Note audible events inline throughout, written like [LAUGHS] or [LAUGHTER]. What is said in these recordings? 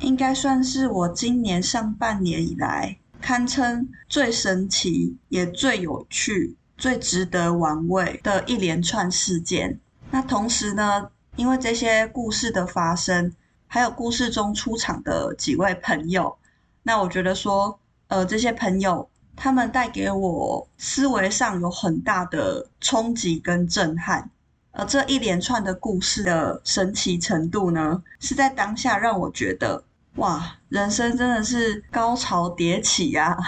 應該算是我今年上半年以來堪稱最神奇、也最有趣、最值得玩味的一連串事件。那同時呢，因為這些故事的發生，還有故事中出場的幾位朋友，那我覺得說，呃，這些朋友他們帶給我思維上有很大的衝擊跟震撼。而這一連串的故事的神奇程度呢，是在當下讓我覺得。哇，人生真的是高潮迭起呀、啊！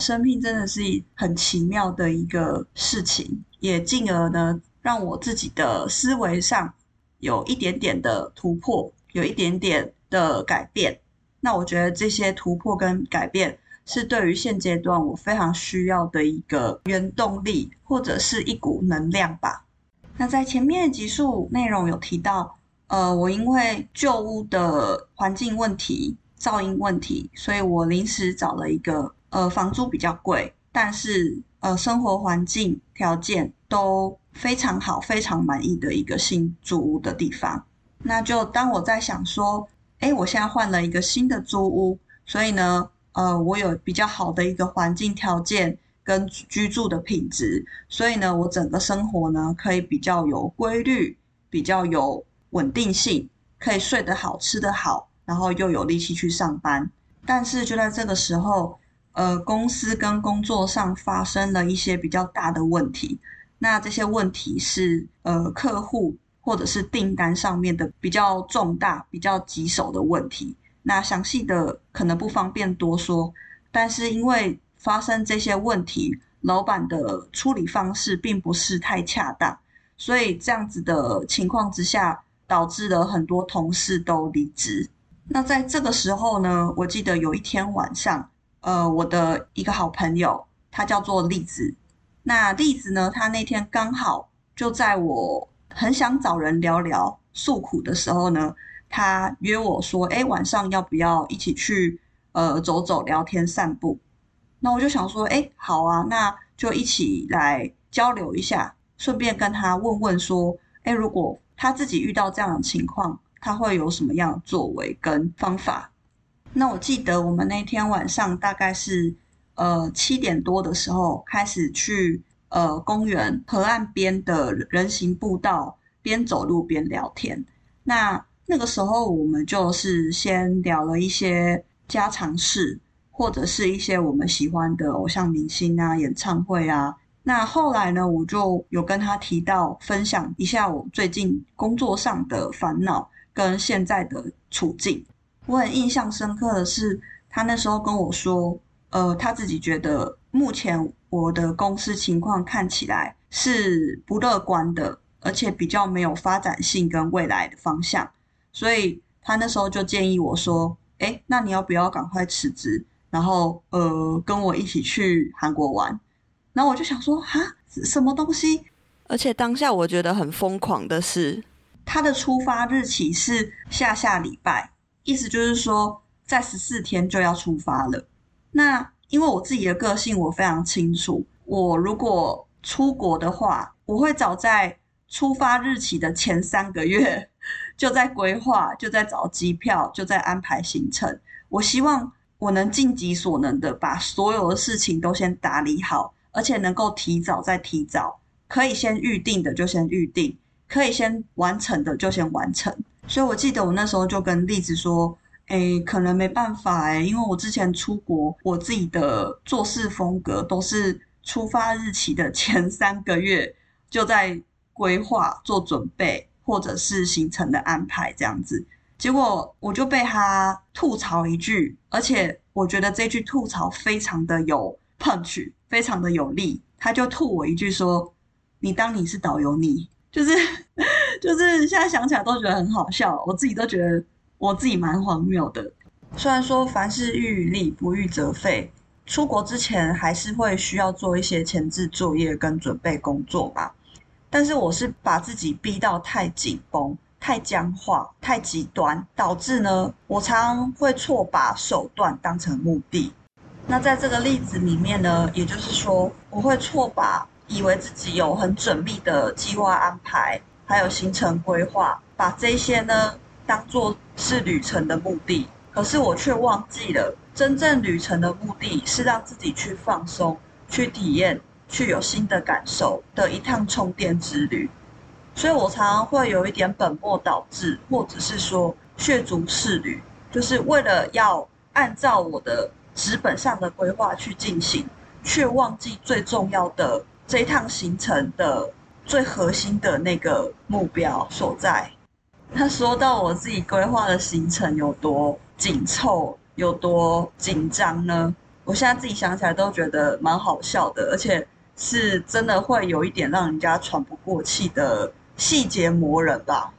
生命真的是很奇妙的一個事情，也進而呢讓我自己的思維上有一點點的突破，有一點點的改變。那我覺得這些突破跟改變是對於現階段我非常需要的一個原動力，或者是一股能量吧。那在前面的集數內容有提到，呃，我因為舊屋的環境問題、噪音問題，所以我臨時找了一個呃房租比較貴，但是呃生活環境條件都非常好、非常滿意的一個新租屋的地方。那就當我在想說，哎，我現在換了一個新的租屋，所以呢，呃，我有比較好的一個環境條件跟居住的品質，所以呢，我整個生活呢可以比較有規律，比較有。穩定性，可以睡得好、吃得好，然後又有力氣去上班。但是就在這個時候，呃，公司跟工作上發生了一些比較大的問題。那這些問題是呃，客戶或者是訂單上面的比較重大、比較棘手的問題。那詳細的可能不方便多說，但是因為發生這些問題，老闆的處理方式並不是太恰當，所以這樣子的情況之下。導致了很多同事都離職。那在這個時候呢，我記得有一天晚上，呃，我的一個好朋友，他叫做栗子。那栗子呢，他那天剛好就在我很想找人聊聊訴苦的時候呢，他約我說：“欸，晚上要不要一起去呃走走、聊天、散步？”那我就想說：“欸，好啊，那就一起來交流一下，順便跟他問問說：欸，如果……”他自己遇到這樣的情況，他會有什麼樣的作為跟方法？那我記得我們那天晚上大概是呃七點多的時候開始去呃公園河岸邊的人行步道邊走路邊聊天。那那個時候我們就是先聊了一些家常事，或者是一些我們喜歡的偶像明星啊、演唱會啊。那後來呢，我就有跟他提到，分享一下我最近工作上的煩惱跟現在的處境。我很印象深刻的是，他那時候跟我說，呃，他自己覺得目前我的公司情況看起來是不樂觀的，而且比較沒有發展性跟未來的方向。所以他那時候就建議我說，誒，那你要不要趕快辭職，然後呃，跟我一起去韓國玩。然後我就想說，哈，什麼東西？而且當下我覺得很瘋狂的是，它的出發日期是下下禮拜，意思就是說，在十四天就要出發了。那因為我自己的個性，我非常清楚，我如果出國的話，我會早在出發日期的前三個月就在規劃，就在找機票，就在安排行程。我希望我能盡己所能的把所有的事情都先打理好。而且能夠提早再提早，可以先預定的就先預定，可以先完成的就先完成。所以我記得我那時候就跟例子說：“誒、欸，可能沒辦法誒、欸，因為我之前出國，我自己的做事風格都是出發日期的前三個月就在規劃做準備，或者是行程的安排這樣子。結果我就被他吐槽一句，而且我覺得這句吐槽非常的有。” Punch 非常的有力，他就吐我一句說：“你當你是導遊，你就是就是。”就是，現在想起來都覺得很好笑，我自己都覺得我自己蠻荒謬的。雖然說凡事預立不預則廢，出國之前還是會需要做一些前置作業跟準備工作吧。但是我是把自己逼到太緊繃、太僵化、太極端，導致呢，我常常會錯把手段當成目的。那在這個例子裡面呢，也就是說，我會錯把以為自己有很縝密的計劃安排，還有行程規劃，把這些呢當做是旅程的目的。可是我卻忘記了，真正旅程的目的是讓自己去放鬆、去體驗、去有新的感受的一趟充電之旅。所以我常常會有一點本末倒置，或者是說削足適履，就是為了要按照我的紙本上的規劃去進行，卻忘記最重要的這一趟行程的最核心的那個目標所在。他說到我自己規劃的行程有多緊湊、有多緊張呢？我現在自己想起來都覺得蠻好笑的，而且是真的會有一點讓人家喘不過氣的細節魔人吧。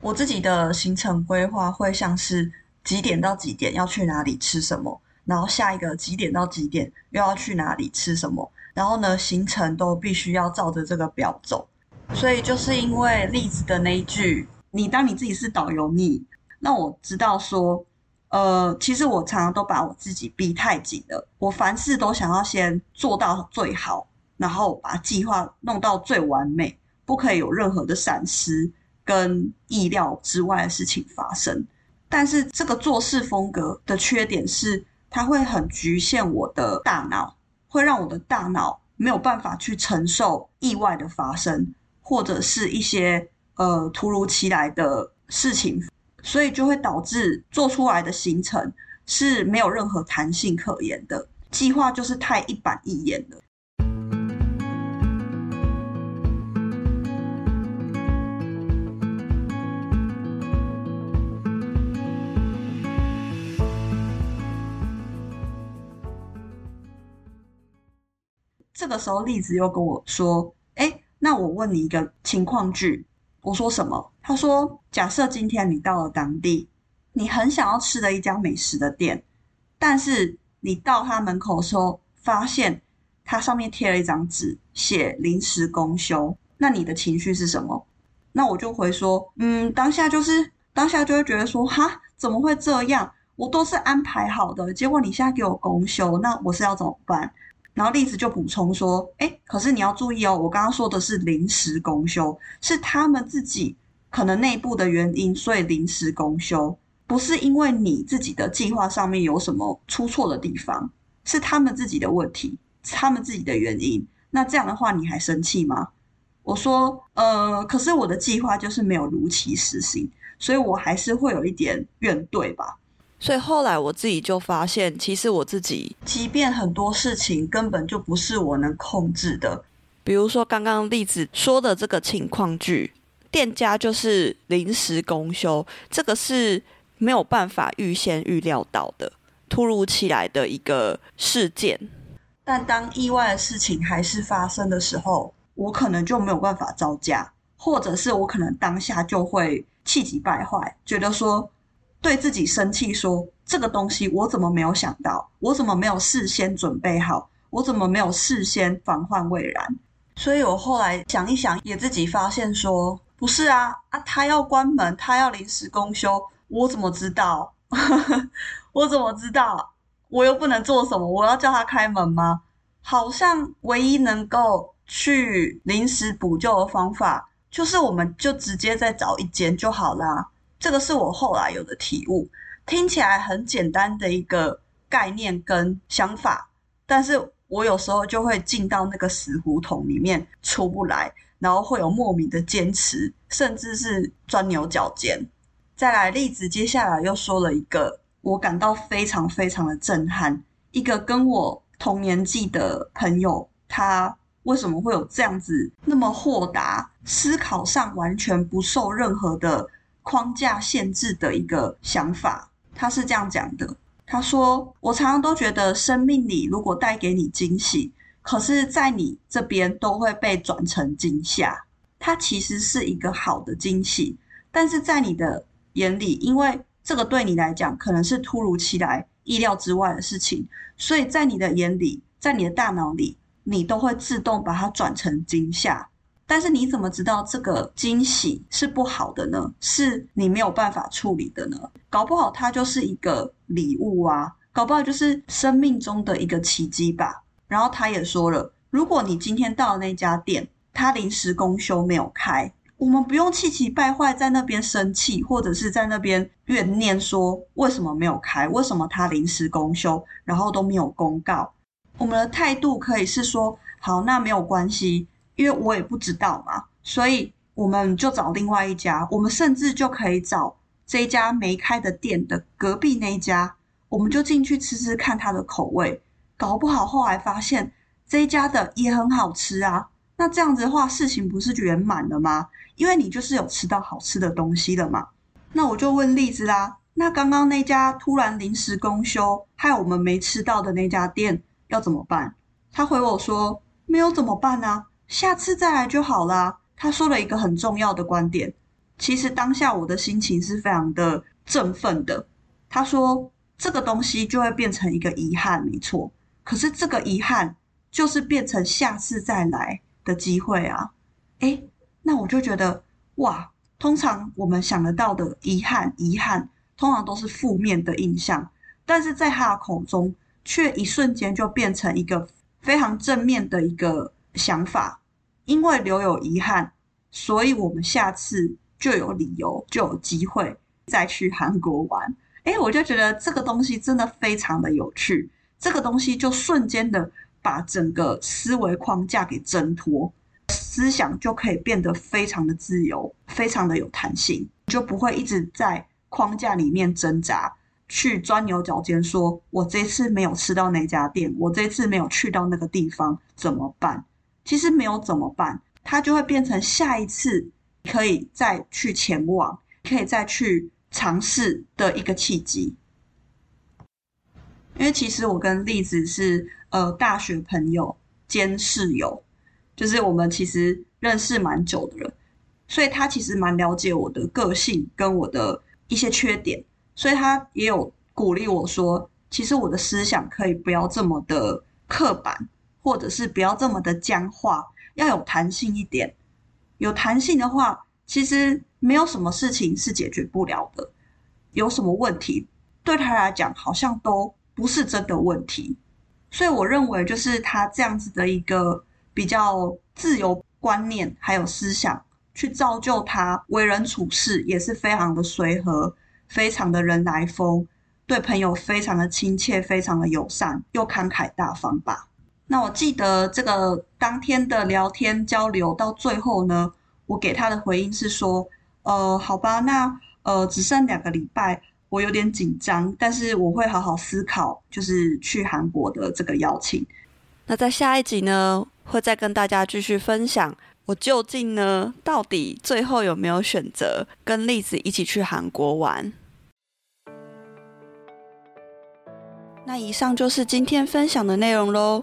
我自己的行程規劃會像是幾點到幾點要去哪裡吃什麼，然後下一個幾點到幾點又要去哪裡吃什麼？然後呢，行程都必須要照着這個表走。所以就是因為例子的那一句，你當你自己是導遊，你讓我知道說，呃，其實我常常都把我自己逼太緊了。我凡事都想要先做到最好，然後把計劃弄到最完美，不可以有任何的閃失跟意料之外的事情發生。但是這個做事風格的缺點是。它會很侷限我的大腦，會讓我的大腦沒有辦法去承受意外的發生，或者是一些呃突如其來的事情，所以就會導致做出來的行程是沒有任何彈性可言的，計劃就是太一板一眼了。這個時候，例子又跟我說：“哎，那我問你一個情況句，我說什麼？他說：假設今天你到了當地，你很想要吃的一家美食的店，但是你到他門口的時候，發現他上面貼了一張紙，寫臨時公休。那你的情緒是什麼？那我就回說：嗯，當下就是當下就會覺得說，哈，怎麼會這樣？我都是安排好的，結果你現在給我公休，那我是要怎麼辦？”然後例子就補充說：“誒，可是你要注意哦，我剛剛說的是臨時公休，是他們自己可能內部的原因，所以臨時公休不是因為你自己的計劃上面有什麼出錯的地方，是他們自己的問題，是他們自己的原因。那這樣的話，你還生氣嗎？”我說：“呃，可是我的計劃就是沒有如期實行，所以我還是會有一點怨懟吧。”所以後來我自己就發現，其實我自己，即便很多事情根本就不是我能控制的，比如說剛剛例子說的這個情況就，店家就是臨時公休，這個是沒有辦法預先預料到的，突如其來的一個事件。但當意外的事情還是發生的時候，我可能就沒有辦法招架，或者是我可能當下就會氣急敗壞，覺得說，對自己生氣說，說這個東西我怎麼沒有想到？我怎麼沒有事先準備好？我怎麼沒有事先防患未然？所以我後來想一想，也自己發現說，不是啊啊，他要關門，他要臨時公休，我怎麼知道？ [LAUGHS] 我怎麼知道？我又不能做什麼？我要叫他開門嗎？好像唯一能夠去臨時補救的方法，就是我們就直接再找一間就好了啊。這個是我後來有的體悟，聽起來很簡單的一個概念跟想法，但是我有時候就會進到那個死胡同裡面出不來，然後會有莫名的堅持，甚至是鑽牛角尖。再來例子，接下來又說了一個我感到非常非常的震撼，一個跟我同年紀的朋友，他為什麼會有這樣子那麼豁達，思考上完全不受任何的。框架限制的一個想法，他是這樣講的：他說，我常常都覺得生命裡如果帶給你驚喜，可是，在你這邊都會被轉成驚嚇。它其實是一個好的驚喜，但是在你的眼裡，因為這個對你來講可能是突如其來、意料之外的事情，所以在你的眼裡，在你的大腦裡，你都會自動把它轉成驚嚇。但是你怎麼知道這個驚喜是不好的呢？是你沒有辦法處理的呢？搞不好它就是一個禮物啊，搞不好就是生命中的一個奇蹟吧。然後他也說了，如果你今天到了那家店，他臨時公休沒有開，我們不用氣急敗壞在那邊生氣，或者是在那邊怨念說為什麼沒有開，為什麼他臨時公休，然後都沒有公告。我們的態度可以是說，好，那沒有關係。因為我也不知道嘛，所以我們就找另外一家。我們甚至就可以找這家沒開的店的隔壁那一家，我們就進去吃吃看它的口味。搞不好後來發現這家的也很好吃啊。那這樣子的話，事情不是圓滿了嗎？因為你就是有吃到好吃的東西了嘛。那我就問例子啦，那剛剛那家突然臨時公休害我們沒吃到的那家店要怎麼辦？他回我說沒有怎麼辦啊？下次再來就好啦。他說了一個很重要的觀點，其實當下我的心情是非常的振奮的。他說這個東西就會變成一個遺憾，沒錯。可是這個遺憾就是變成下次再來的機會啊！誒，那我就覺得哇，通常我們想得到的遺憾，遺憾通常都是負面的印象，但是在他的口中卻一瞬間就變成一個非常正面的一個，想法，因為留有遺憾，所以我們下次就有理由，就有機會再去韓國玩。哎，我就覺得這個東西真的非常的有趣，這個東西就瞬間的把整個思維框架給掙脫，思想就可以變得非常的自由，非常的有彈性，就不會一直在框架裡面掙扎，去鑽牛角尖說，說我這次沒有吃到那家店，我這次沒有去到那個地方，怎麼辦？其實沒有怎麼辦，他就會變成下一次可以再去前往、可以再去嘗試的一個契機。因為其實我跟麗子是呃大學朋友兼室友，就是我們其實認識蠻久的人，所以他其實蠻了解我的個性跟我的一些缺點，所以他也有鼓勵我說，其實我的思想可以不要這麼的刻板。或者是不要這麼的僵化，要有彈性一點。有彈性的話，其實沒有什麼事情是解決不了的。有什麼問題，對他來講好像都不是真的問題。所以我認為，就是他這樣子的一個比較自由觀念，還有思想，去造就他為人處事也是非常的隨和，非常的人來瘋，對朋友非常的親切，非常的友善，又慷慨大方吧。那我記得這個當天的聊天交流到最後呢，我給他的回應是說，呃，好吧，那呃，只剩兩個禮拜，我有點緊張，但是我會好好思考，就是去韓國的這個邀請。那在下一集呢，會再跟大家繼續分享，我究竟呢，到底最後有沒有選擇跟栗子一起去韓國玩。那以上就是今天分享的內容嘍。